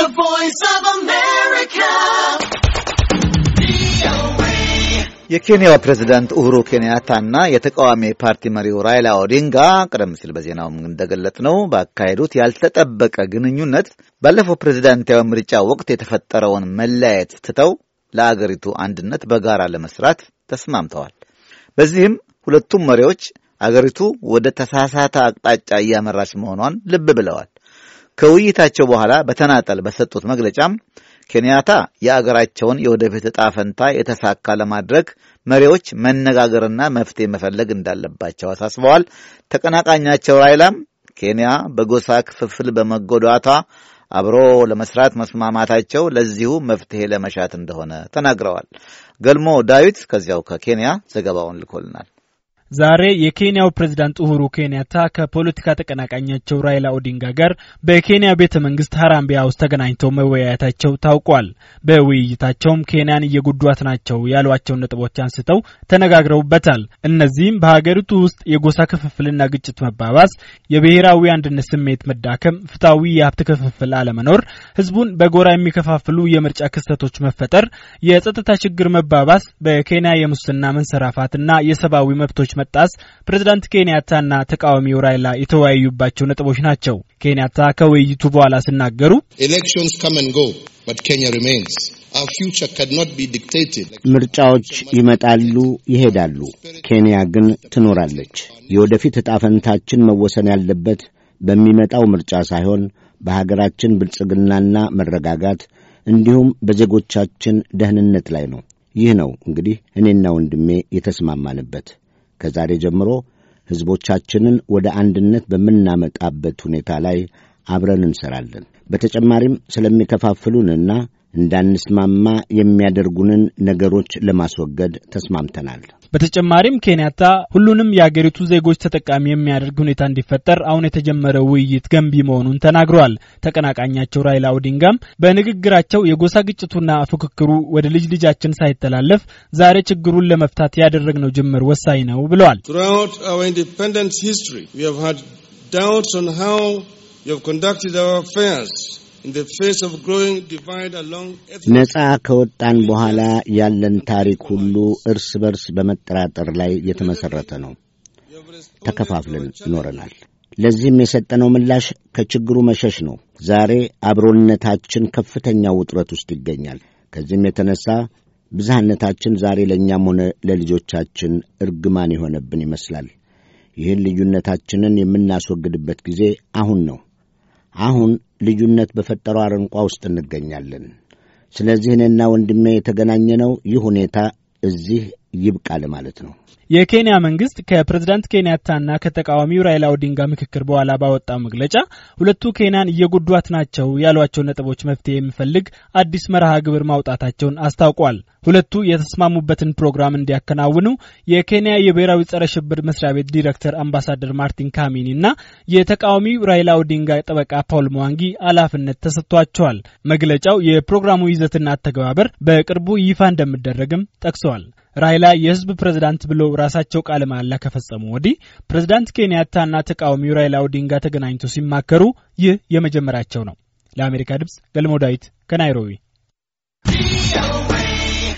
The Voice of America. የኬንያው ፕሬዝዳንት ኡሁሩ ኬንያታና የተቃዋሚ ፓርቲ መሪው ራይላ ኦዲንጋ ቀደም ሲል በዜናው እንደገለጥ ነው ባካሄዱት ያልተጠበቀ ግንኙነት ባለፈው ፕሬዝዳንታዊ ምርጫ ወቅት የተፈጠረውን መለያየት ትተው ለአገሪቱ አንድነት በጋራ ለመስራት ተስማምተዋል። በዚህም ሁለቱም መሪዎች አገሪቱ ወደ ተሳሳተ አቅጣጫ እያመራች መሆኗን ልብ ብለዋል። ከውይይታቸው በኋላ በተናጠል በሰጡት መግለጫም ኬንያታ የአገራቸውን የወደፊት ዕጣ ፈንታ የተሳካ ለማድረግ መሪዎች መነጋገርና መፍትሄ መፈለግ እንዳለባቸው አሳስበዋል። ተቀናቃኛቸው ራይላም ኬንያ በጎሳ ክፍፍል በመጎዳቷ አብሮ ለመስራት መስማማታቸው ለዚሁ መፍትሄ ለመሻት እንደሆነ ተናግረዋል። ገልሞ ዳዊት ከዚያው ከኬንያ ዘገባውን ልኮልናል። ዛሬ የኬንያው ፕሬዝዳንት ኡሁሩ ኬንያታ ከፖለቲካ ተቀናቃኛቸው ራይላ ኦዲንጋ ጋር በኬንያ ቤተ መንግስት ሀራምቢያ ውስጥ ተገናኝተው መወያየታቸው ታውቋል። በውይይታቸውም ኬንያን እየጎዷት ናቸው ያሏቸውን ነጥቦች አንስተው ተነጋግረውበታል። እነዚህም በሀገሪቱ ውስጥ የጎሳ ክፍፍልና ግጭት መባባስ፣ የብሔራዊ አንድነት ስሜት መዳከም፣ ፍትሐዊ የሀብት ክፍፍል አለመኖር፣ ህዝቡን በጎራ የሚከፋፍሉ የምርጫ ክስተቶች መፈጠር፣ የጸጥታ ችግር መባባስ፣ በኬንያ የሙስና መንሰራፋትና የሰብአዊ መብቶች መጣስ ፕሬዝዳንት ኬንያታና ተቃዋሚው ራይላ የተወያዩባቸው ነጥቦች ናቸው። ኬንያታ ከውይይቱ በኋላ ሲናገሩ ምርጫዎች ይመጣሉ ይሄዳሉ፣ ኬንያ ግን ትኖራለች። የወደፊት ዕጣ ፈንታችን መወሰን ያለበት በሚመጣው ምርጫ ሳይሆን በሀገራችን ብልጽግናና መረጋጋት እንዲሁም በዜጎቻችን ደህንነት ላይ ነው። ይህ ነው እንግዲህ እኔና ወንድሜ የተስማማንበት። ከዛሬ ጀምሮ ሕዝቦቻችንን ወደ አንድነት በምናመጣበት ሁኔታ ላይ አብረን እንሰራለን። በተጨማሪም ስለሚከፋፍሉንና እንዳንስማማ የሚያደርጉንን ነገሮች ለማስወገድ ተስማምተናል። በተጨማሪም ኬንያታ ሁሉንም የአገሪቱ ዜጎች ተጠቃሚ የሚያደርግ ሁኔታ እንዲፈጠር አሁን የተጀመረ ውይይት ገንቢ መሆኑን ተናግረዋል። ተቀናቃኛቸው ራይላ ኦዲንጋም በንግግራቸው የጎሳ ግጭቱና ፉክክሩ ወደ ልጅ ልጃችን ሳይተላለፍ ዛሬ ችግሩን ለመፍታት ያደረግነው ጅምር ወሳኝ ነው ብለዋል። ነፃ ከወጣን በኋላ ያለን ታሪክ ሁሉ እርስ በርስ በመጠራጠር ላይ የተመሠረተ ነው። ተከፋፍለን ይኖረናል። ለዚህም የሰጠነው ምላሽ ከችግሩ መሸሽ ነው። ዛሬ አብሮነታችን ከፍተኛ ውጥረት ውስጥ ይገኛል። ከዚህም የተነሣ ብዝሃነታችን ዛሬ ለእኛም ሆነ ለልጆቻችን እርግማን የሆነብን ይመስላል። ይህን ልዩነታችንን የምናስወግድበት ጊዜ አሁን ነው። አሁን ልዩነት በፈጠረው አረንቋ ውስጥ እንገኛለን። ስለዚህ እኔና ወንድሜ የተገናኘነው ይህ ሁኔታ እዚህ ይብቃል ማለት ነው። የኬንያ መንግስት ከፕሬዝዳንት ኬንያታና ከተቃዋሚው ራይላ ኦዲንጋ ምክክር በኋላ ባወጣው መግለጫ ሁለቱ ኬንያን እየጎዷት ናቸው ያሏቸው ነጥቦች መፍትሄ የሚፈልግ አዲስ መርሃ ግብር ማውጣታቸውን አስታውቋል። ሁለቱ የተስማሙበትን ፕሮግራም እንዲያከናውኑ የኬንያ የብሔራዊ ጸረ ሽብር መስሪያ ቤት ዲሬክተር አምባሳደር ማርቲን ካሚኒ እና የተቃዋሚው ራይላ ኦዲንጋ ጠበቃ ፓውል መዋንጊ ኃላፊነት ተሰጥቷቸዋል። መግለጫው የፕሮግራሙ ይዘትና አተገባበር በቅርቡ ይፋ እንደሚደረግም ጠቅሰዋል። ራይላ የህዝብ ፕሬዝዳንት ብለው ራሳቸው ቃለ መሐላ ከፈጸሙ ወዲህ ፕሬዝዳንት ኬንያታና ተቃዋሚው ራይላ ኦዲንጋ ተገናኝቶ ሲማከሩ ይህ የመጀመሪያቸው ነው። ለአሜሪካ ድምፅ ገልሞ ዳዊት ከናይሮቢ